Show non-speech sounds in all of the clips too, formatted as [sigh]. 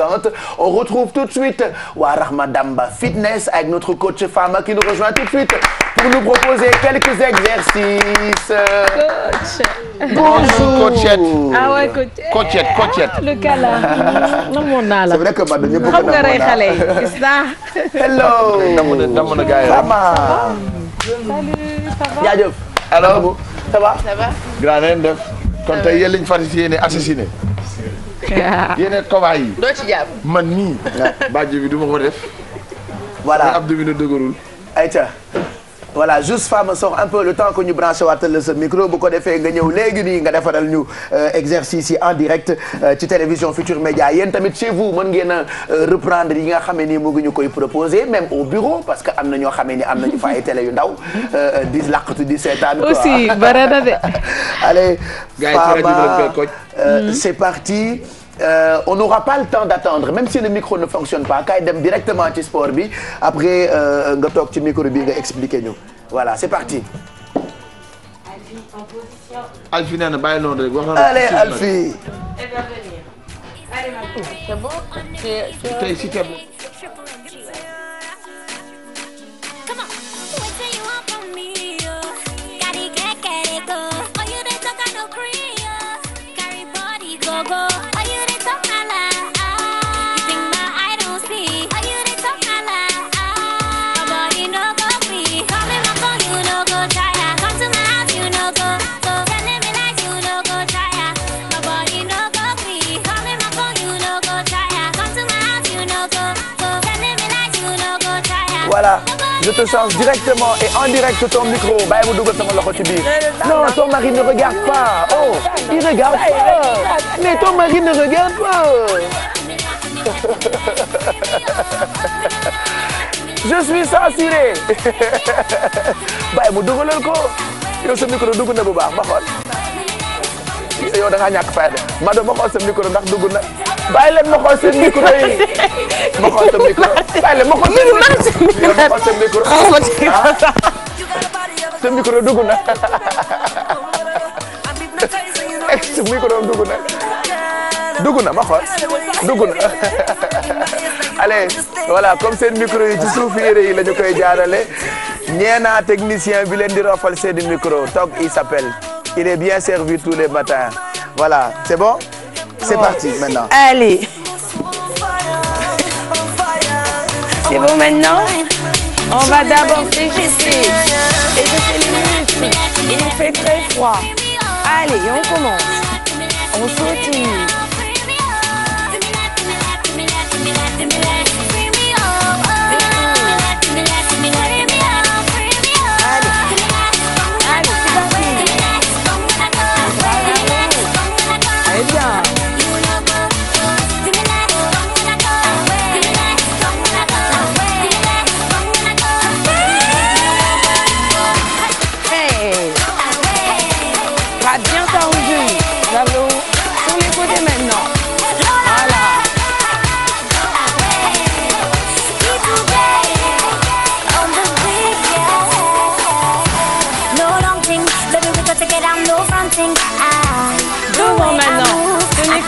élégante. On retrouve tout de suite waa Rahma Damba Fitness avec notre coach Fama qui nous rejoint tout de suite pour nous proposer quelques exercices. Coach. Bonjour coachette. Ah ouais coachette. Coachette, coachette. Ah, le câlin. Namoon naa la. C'est vrai que man dañu bëgg namoon naa la. Xam nga rey xale. Gis naa. Hello. Namoon na namoon na gars yi. Rahma. Salut, ça va? Jaajëf. Allo. Ça va? Ça va. Grand def. Kon tey yéen lañ fas yéene assassiné. yeneen combat yi. doo ci jàpp man nii. Ah. bàjj bi du ma ko def. voilà ab demi na dëgërul. ayca voilà juste femme sox un peu le temps que ñu branché waatal la sa micro bu ko defee nga ñëw léegi nii nga defaral ñu euh, exercice yi en direct euh, ci télévision Futur Média yéen tamit chez vous mën geen a euh, reprendre yi nga xamee ni mu ngi ñu koy proposé même au bureau parce que am na ñoo xamee ni am nañu fa ay télé yu ndaw di làqatu di seetaan quoi aussi bare na de. [laughs] c'est parti. euh, on n'aura pas le temps d'attendre même si le micro ne fonctionne pas kay dem directement ci sport bi après euh, nga toog ci micro bi nga expliquer ñu voilà c'est parti. allez Alfi. voilà je te change directement et en direct ton micro bàyyi ma dugal sama non ton mari ne regarde pas oh il regarde pas mais ton mari ne regarde pas je suis censuré bàyyi ma dugalal ko yow sa micro dugg na bu baax ma xool yow da ngaa ñàkk fayda ma doon ma micro ndax dugg bàyyi leen ma xool seen micro yi ma xool seen micro bàyyi leen ma xool seen na ma dugg na [laughs] allez micro yi ci suuf yére yi la ñu koy jaarale ñeena technicien bi leen di rafal seen micro toog il s'appelle bien servi tous les matins voilà c'est bon C'est oh. parti maintenant. Allez. C'est bon maintenant? On va d'abord s'échauffer. Échauffer les muscles. Il fait très froid. Allez, on commence. On sautille.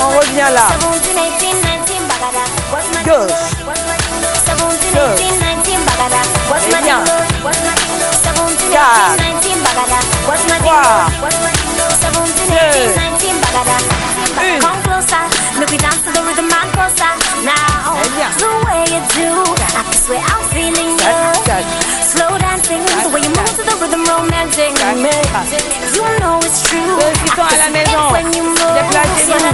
Original là. mettre. Ceux qui sont à la maison, déplacez-vous.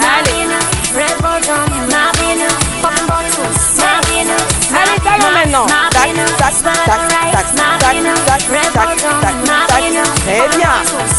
Allez. Allez, talons maintenant. Tac, tac, tac, tac, tac, tac, tac, tac, tac, tac. Très bien.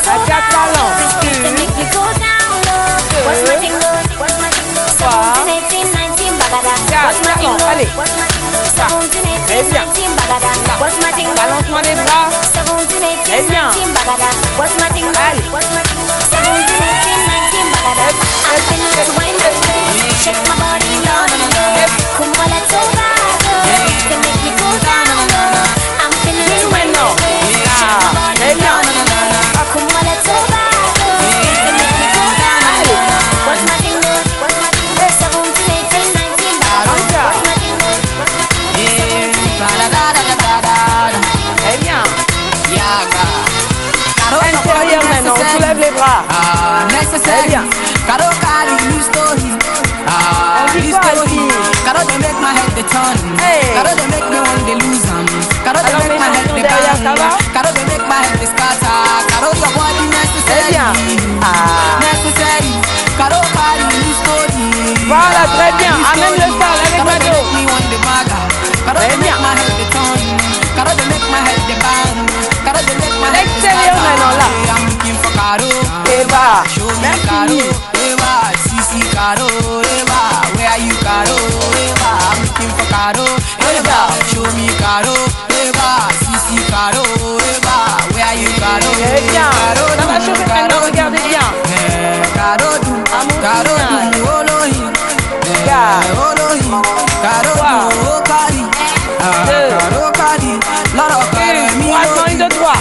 I got talent. What's my jingle? What's my jingle? 17, 18, 19, bagada. What's my jingle? Allez. 17, 18, 19, bagada. What's my jingle? Balance-moi les bras. 17, 18, 19, bagada. What's my jingle? Allez. 17, 18, 19, bagada. I'm feeling like a window. Shake my body, no, no, no. Kumba, let's go, là. Ah, necessary. Caro carry new stories. Ah, new stories. Caro they make my head the turn. Caro they make me want to lose them. Caro they make my head the turn. Caro they make my head the scatter. Caro your body necessary. Ah, necessary. Caro carry new stories. Voilà, très bien. Ah, Amène Caro, eh, eh, bien, Caro, ça va chauffer maintenant, regardez bien. Caro, amour, Caro, Olohi, Olohi, Caro, Okari, eh, Caro, Kari, Loro, Caro, Milodi, une, deux, trois,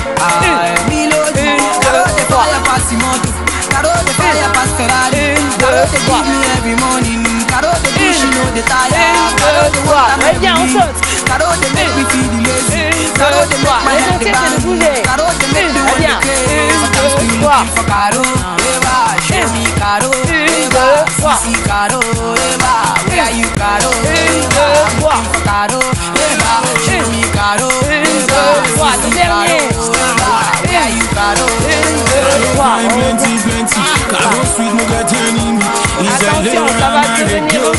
Milodi, ah, Caro, c'est toi, la passe moto, Caro, c'est toi, la passe Ferrari, Caro, c'est give me every morning, Caro, c'est toi, je know the tire, Caro, c'est toi, la passe Caro they make me feel the lazy. Caro they make my head bang. Caro they make me want to crazy. Sometimes we looking for Caro. Eva, show me Caro. Eva, see Caro. Eva, where are you Caro? Eva, I'm looking for Caro. Eva, show me Caro. Eva, see Caro. Eva, where are you Caro? Eva, plenty, plenty. Caro sweet, no get any meat. It's a little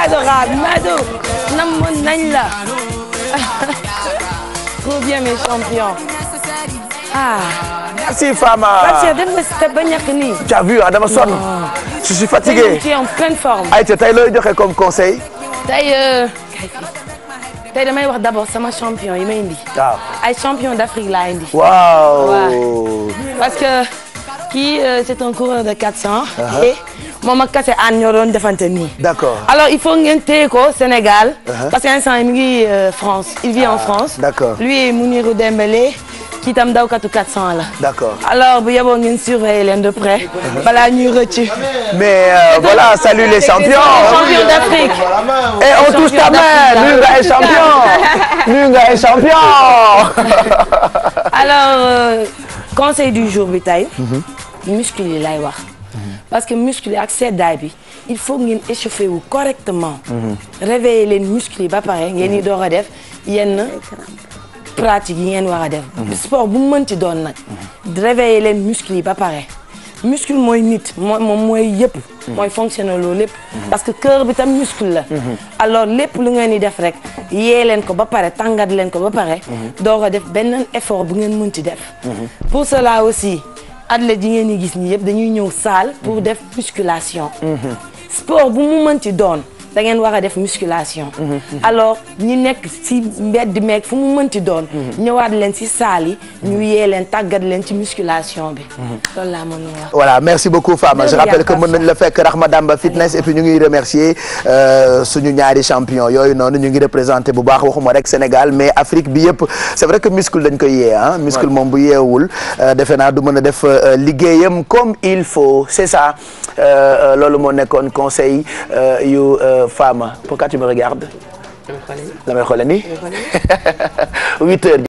adorable Mado namoon nañ la [laughs] trop bien mes champions ah. merci Fama. Fatia dem na step ba ñàkk nii. tu as vu ah dama sonn. je suis fatigué tu es en pleine forme. ayca tey looy joxe comme conseil. tey euh, tey damay wax d'abord sama champion yi may indi. waaw ay champion d'Afrique laa indi. waaw parce que kii euh, c'est un coureur de 400. Uh-huh. et moom ak kase aan ñoo doon defante nii. d'accord alors il faut ngeen téye ko Sénégal. Uh-huh. parce que instant yi mi ngi euh, France il vit en ah, France. d'accord lui Mounirou Dembélé kii tam dawkatu 400 la. d'accord alors bu yeboo ngeen surveiller leen de près. Uh-huh. balaa ñuy rëcc. mais euh, voilà salut les champions. champion d'Afrique. et on touche ta main nuyu champion nuyu nga ay alors euh, conseil du jour bi tey. Mm-hmm. muscle yi lay wax. parce que muscle yi ak seddaay bi il faut ngeen échauffer wu correctement. réveiller leen muscle yi ba pare ngeen di door a def yenn pratique yi ngeen war a def. sport bu mu mënti doon nag. réveiller leen muscle yi ba pare. muscle mooy nit mooy moom mooy yëpp. mooy fonctionner loolu lépp. parce que cœur bi tam muscle la. alors lépp lu ngeen di def rek yee leen ko ba pare tàngat leen ko ba pare. door a def benn effort bu ngeen mënti def. pour cela aussi. athlètes yi ngeen di gis nii yëpp dañuy ñëw salle pour def musculation. Mhm. sport bu mu mënti doon. da ngeen war a def musculation. Mhm, mhm. alors ñi nekk si mbedd meeg fu mu mënti doon. Mhm. ñëwaat leen si saali yi. ñu yee leen tàggat leen ci musculation bi. loolu laa mën a merci beaucoup Fama je rappelle que mën nañ la fekk Rahma Damba fitness et puis ñu ngi remercier euh, suñu ñaari champion yooyu noonu ñu ngi représenté bu baax waxuma rek Sénégal mais Afrique bi yëpp c'est vrai que muscle dañ koy yee ah. moom bu yeewul euh, defe naa du mën a def euh, liggéeyam comme il faut c'est ça loolu moo nekkoon conseil yu. Fama pourquoi tu me regardes. la may xoolee